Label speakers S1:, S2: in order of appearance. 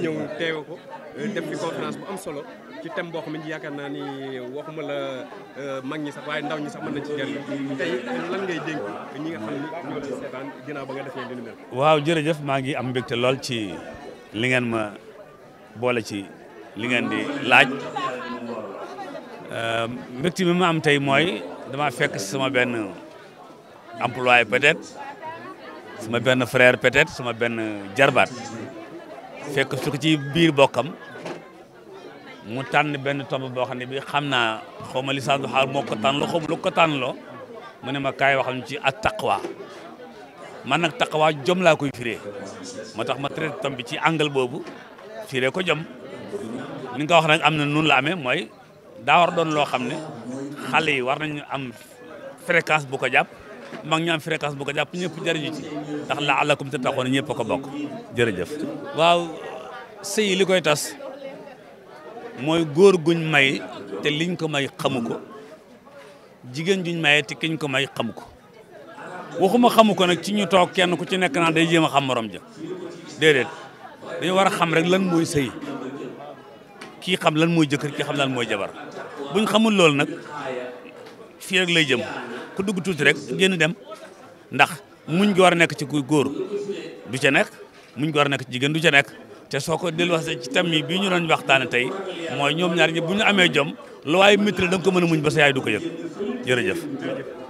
S1: nga ñëw teewe ko euh, def fi conférence bu am solo ci thème boo xam ne yaakaar naa ni waxuma la euh, mag ñi sax waaye ndaw ñi sax mën nañ ci jël tey nga xam ni ñoo
S2: waaw jërëjëf maa ngi am mbégte lool ci li ngeen ma boole ci li ngeen di laaj euh, mbégte bi mu am tey mooy dama fekk sama benn employé peut-être benn frère peut-être sama benn jarbaat. fekk su ci biir bokkam mu tànn benn tomb boo xam ne bi xam naa xaw ma lisaan du xaar moo ko tànn loo xaw ko tànn loo mu ne ma kaay waxal ci ak taqwa man nag taqwa jom laa koy firee moo tax ma traité tomb bi ci angle boobu firee ko jom ni nga ko wax nag am na nun la amee mooy daa war doon loo xam ne xale yi war nañu am fréquence bu ko jàpp mag ñaam fréquence bu ko jàpp ñëpp jëriñu ci ndax la alakum te taxoon ñëpp a ko bokk jërëjëf. waaw sëy li koy tas mooy góor guñ may te liñ ko may xamu ko jigéen juñ maye te kiñ ko may xamu ko waxuma xamu ko nag ci ñu toog kenn ku ci nekk naa day jéem a xam morom ja déedéet dañu war a xam rek lan mooy sëy kii xam lan mooy jëkkër kii xam lan mooy jabar buñ xamul loolu nag. fii rek lay jëm ku dugg tuuti rek génn dem ndax muñ gi war a nekk ci kuy góor du ca nekk muñ gi war nekk ci jigéen du ca nekk te soo ko delluwaat ci tam yi bii ñu doon waxtaane tey mooy ñoom ñaar ñi bu ñu amee jom lu waaye mitre da ko mën a muñ ba sa yaay du ko yëg jërëjëf